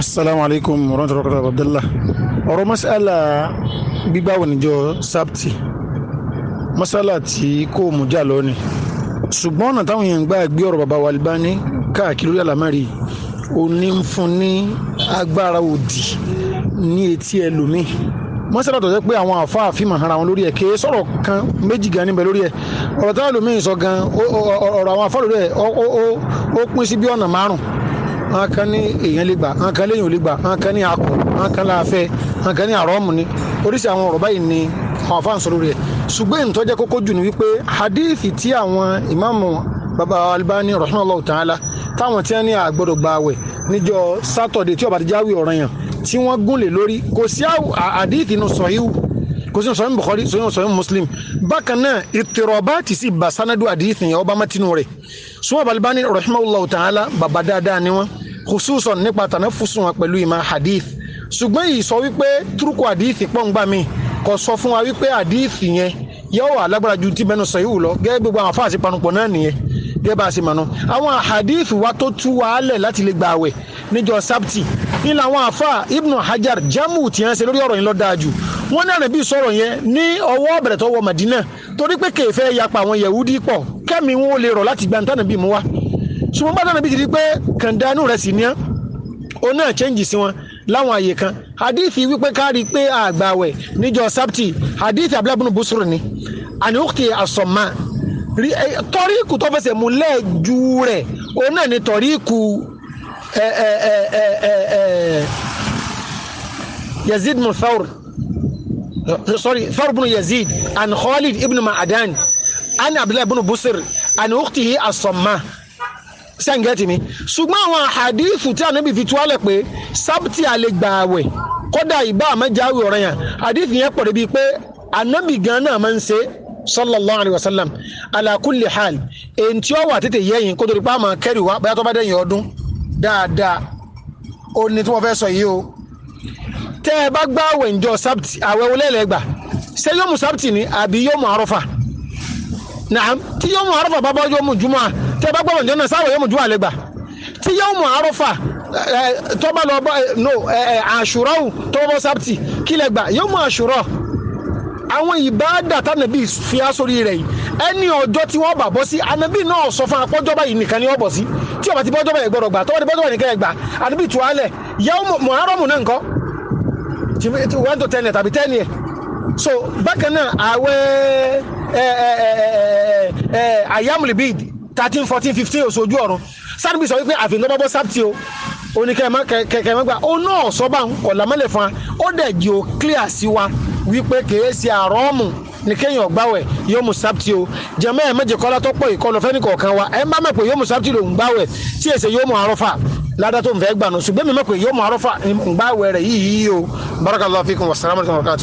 asalaamu alaykum warahmatullahi wabarakatuh abdullah ọ̀rọ̀ masala gbígbàwẹ̀ níjọ́ sábtì masala tí kò mú jà lónìí ṣùgbọ́n ọ̀nà táwọn èèyàn gbà gbé ọ̀rọ̀ bàbá wa Albani káàkiri lórí àlámẹ́rì òní ń fún ní agbára òdì ní etí ẹlòmíì masala tó jẹ́ pé àwọn àfáàfin máa hara wọn lórí ẹ̀ kéé sọ̀rọ̀ kan méjì gan níbẹ̀ lórí ẹ̀ ọ̀rọ̀ táwọn ẹlòmíì sọ gan ọ̀rọ̀ àwọn àfáà lórí ẹ̀ ó pín sí bí ọ̀nà márùn-ún àwọn kan ní èèyàn lè gbà àwọn kan léyìn ò lè gbà àwọn kan ní akùn àwọn kan láàfẹ́ àwọn kan ní àrọ́ọ̀mù ni oríṣi àwọn ọ̀rọ̀ báyìí ni àwọn afáàn sọ̀rọ̀ rẹ̀ ṣùgbọ́n ìtọ́ kókó jù ni wípé hadith tí àwọn ìmáàmù baba alibani rahmanallahu ta'ala táwọn tí wọ́n ní àgbọ̀dọ̀ gba àwẹ̀ níjọ́ sátọ̀dẹ̀ tí ó bá ti jáwé ọ̀ranyàn tí wọ́n gúnlẹ̀ lórí kò sí hadith inú sọ̀híù kò sínú sọ̀rọ̀ Bukhari sọ̀rọ̀ sọ̀rọ̀ Muslim bákan náà ìtìrọ̀bá ti sì bá sanadu àdìsí yẹn ọba mẹ́tinú rẹ̀ sọ́wọ́ balibani rahimahullah ta'ala baba dáadáa ni wọ́n khususan nípa tànà fúsùn wọn pẹ̀lú ìmọ̀ hadith ṣùgbọ́n yìí sọ wípé túrúkù àdìsí pọ̀ǹgbà mi kò sọ fún wa wípé àdìsí yẹn yóò wà lágbára ju tí mẹ́nu sọ̀yìí wù lọ gẹ́gẹ́ gbogbo àwọn afáàsì panupọ̀ náà nìyẹn gẹ́gẹ́ bá a ṣe mọ̀nà àwọn àhàdíìfì wa tó tú wa lẹ̀ láti lè gba àwẹ̀ níjọ́ sábtì ní làwọn àfáà ibnu hajar jamu tiẹ̀ ń ṣe lórí ọ̀rọ̀ yìí lọ́ọ́ dáa jù wọ́n ní àrẹ̀bí sọ̀rọ̀ yẹn ní ọwọ́ ọ̀bẹ̀rẹ̀ tó wọ Màdínà torí pé kèéfẹ́ yapa àwọn Yẹ̀húdí pọ̀ kẹ́mi wọn ò lè rọ̀ láti gba ntànàbí mu wa ṣùgbọ́n bá tànàbí ti di pé kàndánù rẹ̀ sì ní ẹ́ òun náà chẹ́ǹgì sí wọn láwọn àyè kan hadithi wípé kárí pé àgbàwẹ̀ níjọ sábtì hadithi abúlábùnú bùsùrù ni àníwòkè àsọ̀mà tọ́rí ikú tó fẹsẹ̀ múlẹ̀ ju rẹ̀ òun náà ni tọ́rí ikú Yazid muthaur Uh, sorry ثور بن يزيد عن خالد ابن معدان عن عبد الله بن بصر عن أخته الصماء sẹ́ǹgẹ́tì mi ṣùgbọ́n àwọn àhàdífù tí ànábì fi tuwálẹ̀ pé sábìtì àlegbààwẹ̀ kódà ìbá àmẹ́jáwé ọ̀rẹ́ yẹn àdífù yẹn pọ̀ débi pé ànábì gan náà máa ń ṣe sallallahu alayhi wa sallam ala èyí tí ó wà tètè yẹ́yìn kó torí pé àmọ́ kẹ́rì wá tó bá dẹ̀yìn ọdún dáadáa ó ní tí wọ́n fẹ́ sọ yìí o tẹ́ ẹ bá gbá àwẹ̀ ǹjọ́ sábtì àwẹ̀ wọlé lẹ́gbà ṣé yọ̀mù sábtì ni àbí yọ̀mù àrọ́fà naam tí yọ̀mù àrọ́fà bá bá yọ̀mù jùmọ̀ tẹ́ ẹ bá gbá àwẹ̀ ǹjọ́ náà sáwẹ̀ yọ̀mù jùmọ̀ lẹ́gbà tí yọ̀mù àrọ́fà tọ́ba lọ bọ́ no àṣùrọ̀ tọ́ba bọ́ sábtì kí lẹ́gbà yọ̀mù àṣùrọ̀ àwọn ìbáàdà tánàbí fi á sórí rẹ̀ yìí ẹni ọjọ́ tí wọ́n bà bọ́ sí anabi náà sọ fún apọ́jọ́ báyìí nìkan ni wọ́n bọ̀ sí tí ọba ti bọ́jọ́ báyìí gbọ́dọ̀ gbà tọ́wọ́ ti bọ́jọ́ báyìí nìkan ẹ̀ gbà anabi tù alẹ̀ yàwó muharamu náà nǹkan ti one to ten yẹ tàbí ten yẹ so bákan náà àwẹ̀ ẹ ẹ ẹ ayamulibid thirteen fourteen fifteen oṣù ojú ọ̀run sáàdùbí sọ wípé àfihàn sábtì o oníkẹ́mọ́ kẹ̀kẹ́mọ́gbà ó náà sọ bá ń fún wa ó dẹ̀ jẹ́ o clear sí wa wípé kèé ṣe àrọ́ọ̀mù Ni kéèyàn gbàwẹ̀ yóò mú sábtì o jẹ̀mọ́ ẹ̀ méje kọ́lá tó pọ̀ ìkọlù fẹ́ni kọ̀ọ̀kan wa ẹ̀ ń bá mọ̀ pé yóò mú sábtì lòún gbàwẹ̀ tí èsè yóò mú arọ́fà ládà tó ń fẹ́ gbànú ṣùgbọ́n mi yóò mú arọ́fà ń gbàwẹ̀ rẹ̀ yìí yìí o barakallahu fikum wasalaamu alaykum wa rahmatulah.